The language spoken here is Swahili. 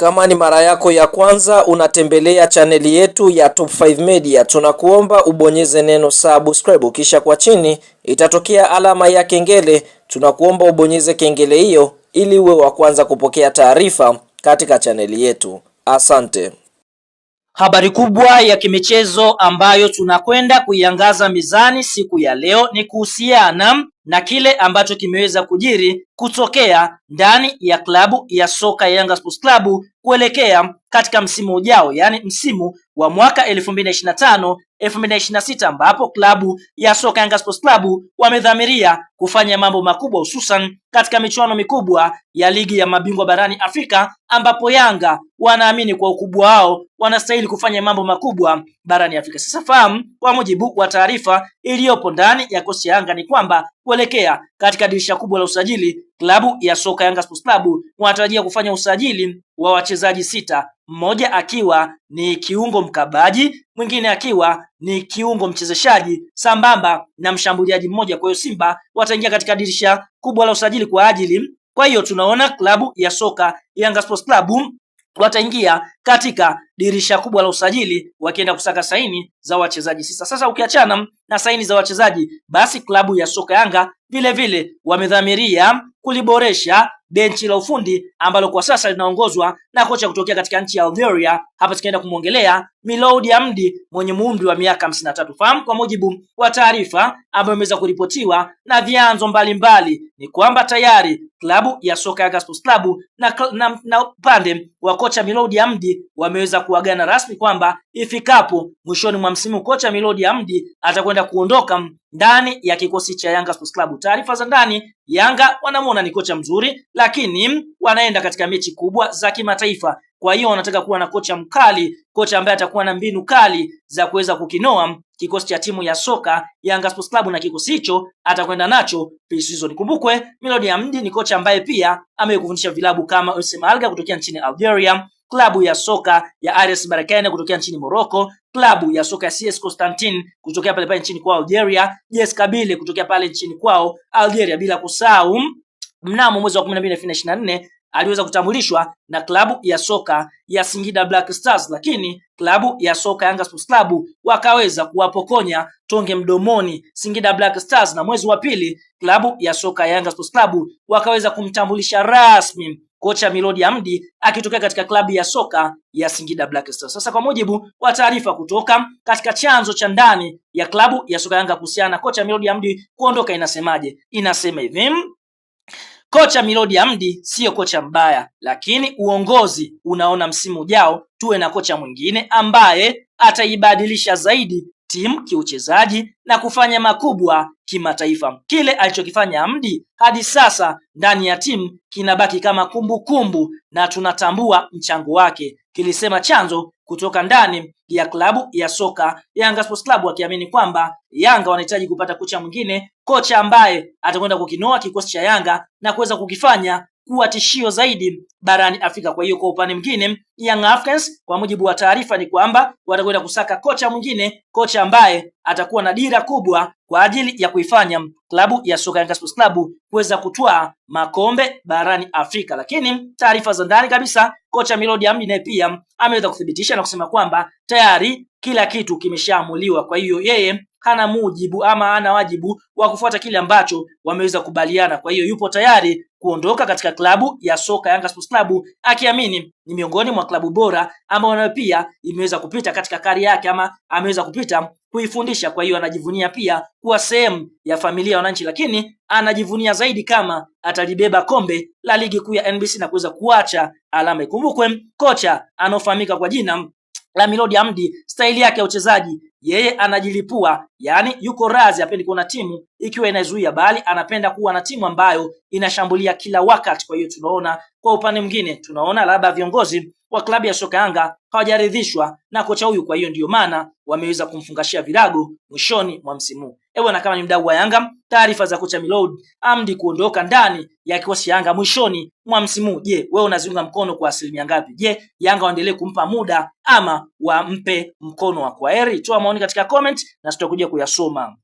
Kama ni mara yako ya kwanza unatembelea chaneli yetu ya Top 5 Media, tunakuomba ubonyeze neno subscribe, kisha kwa chini itatokea alama ya kengele. Tunakuomba ubonyeze kengele hiyo ili uwe wa kwanza kupokea taarifa katika chaneli yetu. Asante. Habari kubwa ya kimichezo ambayo tunakwenda kuiangaza mizani siku ya leo ni kuhusiana na kile ambacho kimeweza kujiri kutokea ndani ya klabu ya soka ya Yanga Sports Club kuelekea katika msimu ujao, yaani msimu wa mwaka 2025 2026, ambapo klabu ya soka Yanga Sports Club wamedhamiria kufanya mambo makubwa, hususan katika michuano mikubwa ya ligi ya mabingwa barani Afrika, ambapo Yanga wanaamini kwa ukubwa wao wanastahili kufanya mambo makubwa barani Afrika. Sasa fahamu, kwa mujibu wa taarifa iliyopo ndani ya kosi ya Yanga ni kwamba kuelekea katika dirisha kubwa la usajili Klabu ya soka Yanga Sports Club wanatarajia kufanya usajili wa wachezaji sita, mmoja akiwa ni kiungo mkabaji, mwingine akiwa ni kiungo mchezeshaji, sambamba na mshambuliaji mmoja. Kwa hiyo Simba wataingia katika dirisha kubwa la usajili kwa ajili. Kwa hiyo tunaona klabu ya soka Yanga Sports Club wataingia katika dirisha kubwa la usajili wakienda kusaka saini za wachezaji sisa. Sasa ukiachana na saini za wachezaji, basi klabu ya soka Yanga vilevile wamedhamiria kuliboresha benchi la ufundi ambalo kwa sasa linaongozwa na kocha kutokea katika nchi ya Algeria. Hapa tukaenda kumwongelea Miloud Hamdi mwenye umri wa miaka hamsini tatu. Fahamu kwa mujibu wa taarifa ambayo imeweza kuripotiwa na vyanzo mbalimbali ni kwamba tayari klabu ya soka Yanga Gaspos Club na, na, na upande wa kocha Miloud Hamdi wameweza kuagana rasmi kwamba ifikapo mwishoni mwa msimu kocha Miloud amdi atakwenda kuondoka ndani ya kikosi cha Yanga Sports Club. Taarifa za ndani, Yanga wanamuona ni kocha mzuri, lakini wanaenda katika mechi kubwa za kimataifa kwa hiyo wanataka kuwa na kocha mkali, kocha ambaye atakuwa na mbinu kali za kuweza kukinoa kikosi cha timu ya soka Yanga Sports Club, na kikosi hicho atakwenda nacho pre-season. Kumbukwe Millard Hamdi ni kocha ambaye pia amekufundisha vilabu kama USM Alger kutokea nchini Algeria, klabu ya soka ya RS Berkane kutokea nchini Morocco, klabu ya soka ya CS Constantine kutokea pale pale nchini kwao Algeria, JS Kabile kutokea pale nchini kwao Algeria, bila kusahau mnamo mwezi wa 12 2024 aliweza kutambulishwa na klabu ya soka ya Singida Black Stars, lakini klabu ya soka Yanga Sports Club wakaweza kuwapokonya tonge mdomoni Singida Black Stars, na mwezi wa pili klabu ya soka ya Yanga Sports Club wakaweza kumtambulisha rasmi kocha Milodi Amdi akitokea katika klabu ya soka ya Singida Black Stars. Sasa kwa mujibu wa taarifa kutoka katika chanzo cha ndani ya klabu ya soka Yanga kuhusiana na kocha Milodi Amdi kuondoka, inasemaje? Inasema hivi Kocha Milodi mdi siyo kocha mbaya, lakini uongozi unaona msimu ujao tuwe na kocha mwingine ambaye ataibadilisha zaidi timu kiuchezaji na kufanya makubwa kimataifa. Kile alichokifanya Amdi hadi sasa ndani ya timu kinabaki kama kumbukumbu kumbu, na tunatambua mchango wake kilisema chanzo kutoka ndani ya klabu ya soka Yanga Sports Club, wakiamini kwamba Yanga wanahitaji kupata kocha mwingine, kocha ambaye atakwenda kukinoa kikosi cha Yanga na kuweza kukifanya kuwa tishio zaidi barani Afrika. Kwa hiyo kwa upande mwingine, Young Africans kwa mujibu wa taarifa ni kwamba watakwenda kusaka kocha mwingine, kocha ambaye atakuwa na dira kubwa kwa ajili ya kuifanya klabu ya soka Yanga Sports Club kuweza kutwaa makombe barani Afrika. Lakini taarifa za ndani kabisa, kocha Miloud Hamdi naye pia ameweza kuthibitisha na kusema kwamba tayari kila kitu kimeshaamuliwa, kwa hiyo yeye hana mujibu ama hana wajibu wa kufuata kile ambacho wameweza kubaliana. Kwa hiyo yupo tayari kuondoka katika klabu ya soka Yanga Sports Club akiamini ni miongoni mwa klabu bora ambao nayo pia imeweza kupita katika kari yake ama ameweza kupita kuifundisha. Kwa hiyo anajivunia pia kuwa sehemu ya familia ya wananchi, lakini anajivunia zaidi kama atalibeba kombe la ligi kuu ya NBC na kuweza kuacha alama. Ikumbukwe kocha anaofahamika kwa jina la Milodi mdi staili yake ya uchezaji, yeye anajilipua, yani yuko razi, apendi kuona timu ikiwa inazuia, bali anapenda kuwa na timu ambayo inashambulia kila wakati. Kwa hiyo tunaona kwa upande mwingine, tunaona labda viongozi wa klabu ya soka Yanga hawajaridhishwa na kocha huyu, kwa hiyo ndiyo maana wameweza kumfungashia virago mwishoni mwa msimu. Ewe eh na kama ni mdau wa Yanga, taarifa za kocha Miloud Hamdi kuondoka ndani ya kikosi cha Yanga mwishoni mwa msimu, je, wewe unaziunga mkono kwa asilimia ngapi? Je, Yanga waendelee kumpa muda ama wampe mkono wa kwaheri? Toa maoni katika comment na sitakuja kuyasoma.